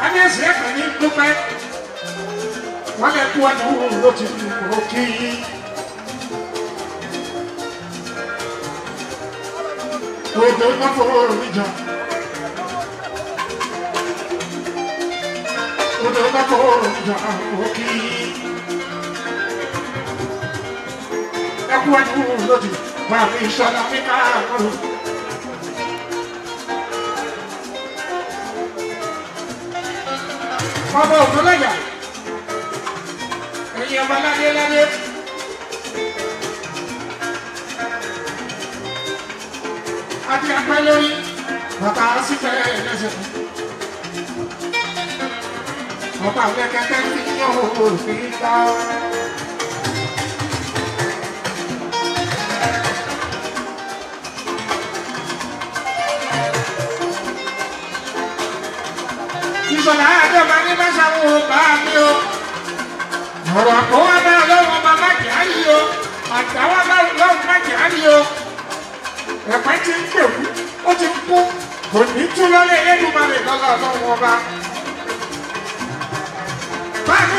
kábíyèsí ẹ̀ka ní dúpẹ́ wọ́n lè kú ọdún wúrú ló ti fi kúrò kí yí. Òjò iná fowó orí ọba ògbólọ́jà ẹ̀yin ọba ládé ládé. àti apẹ́ lórí bàtà sífẹ́ ẹ̀lẹ́sẹ̀ fún. ọba àwọn kẹ̀kẹ́ ti yàn òfin gbà. sọ̀lá àjọba ní mẹ́sàn-án wo bá mi o. ọ̀rọ̀ àkọ́wọ́ bá lọ́wọ́ bá má jẹ́ àyè o. àtàwọn bá lọ́wọ́ má jẹ́ àyè o. ẹ̀pẹ́ ti ń gbèrú ó ti ń kú kò ní tú lọ́lẹ̀ Elédùmarè lọ́lọ́ lọ́wọ́ bá. báàmì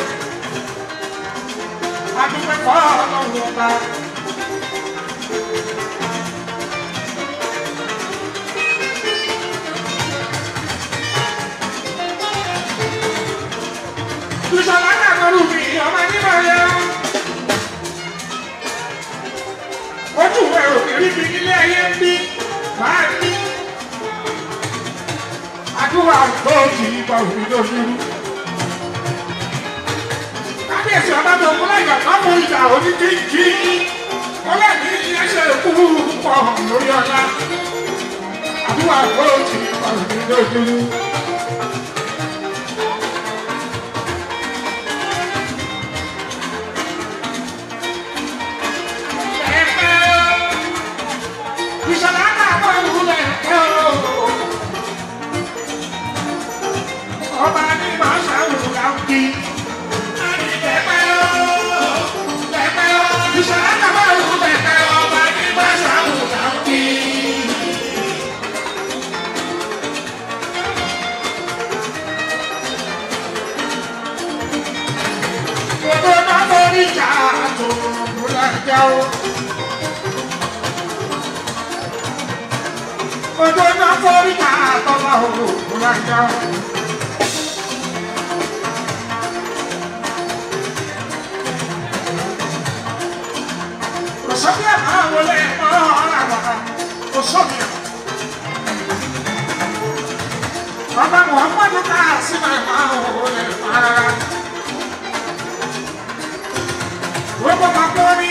adúpẹ́ kọ́ ọlọ́run ọba. ìṣọ̀lá náà kọlu mi ọmọ nímọ̀ yẹ. ojú ẹ̀rọ kìrí mi nílé kábíyèsí ọ̀dọ́dọ̀ ọkùnrin àkọ́kọ́ ìjà onídíjì ọlọ́ọ̀dì ẹsẹ̀ kú pọ̀ lórí ọ̀la àdúrà kó o ti pàrọ̀ nínú ojú. jà o. Ojú ọjọ́ sórí ká àtọ́lá òògùn lájà o. Òṣèlú ẹ̀ máa wọlé ẹ̀kọ́ ọ̀làgbà òṣèlú ẹ̀. Bàbá Muhammadu ká sínú ẹ̀ máa wọlé ẹ̀kọ́ ọ̀làgbà. Gbogbo bàbá orí.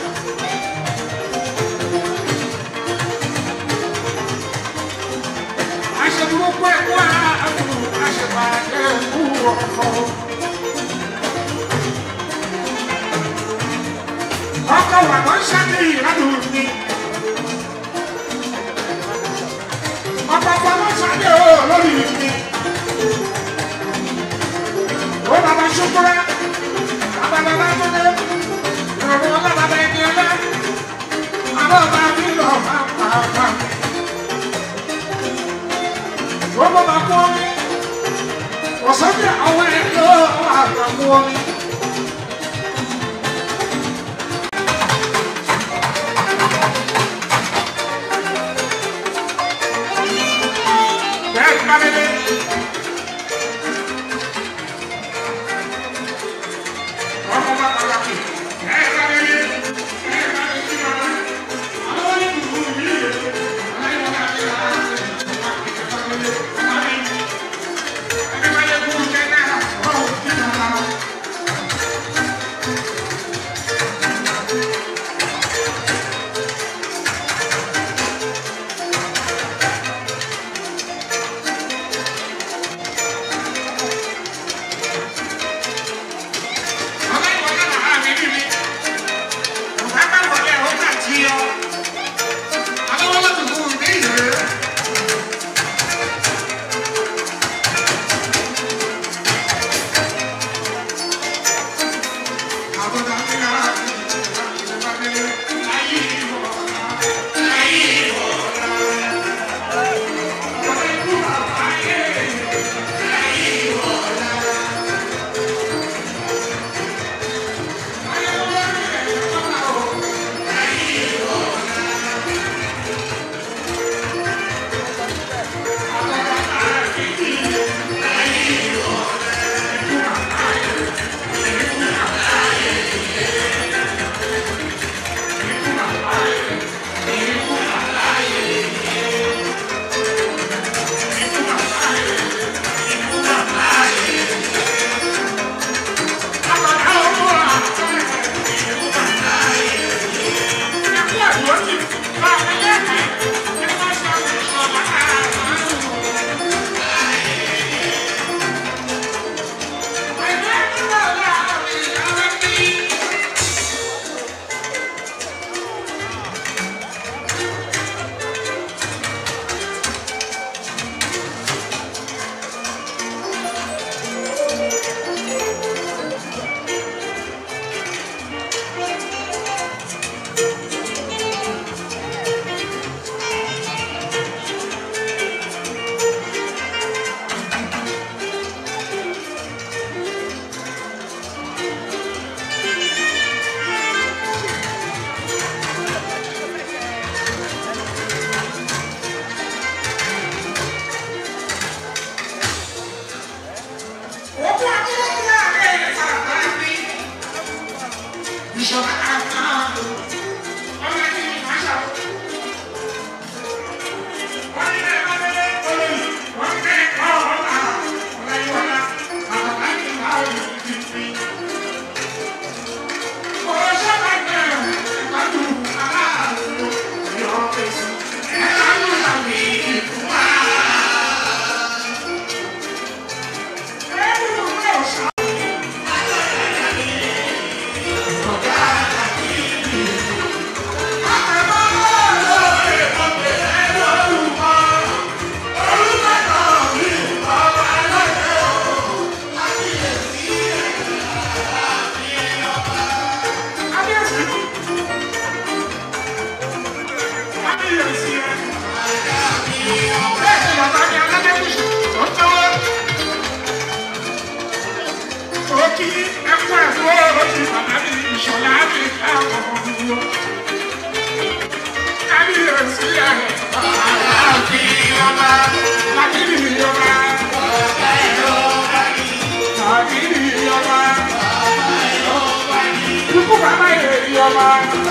wá wá àwọn àṣepàdé ń kú ọkọ. 我身边我也热，我还敢摸你。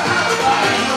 Everybody.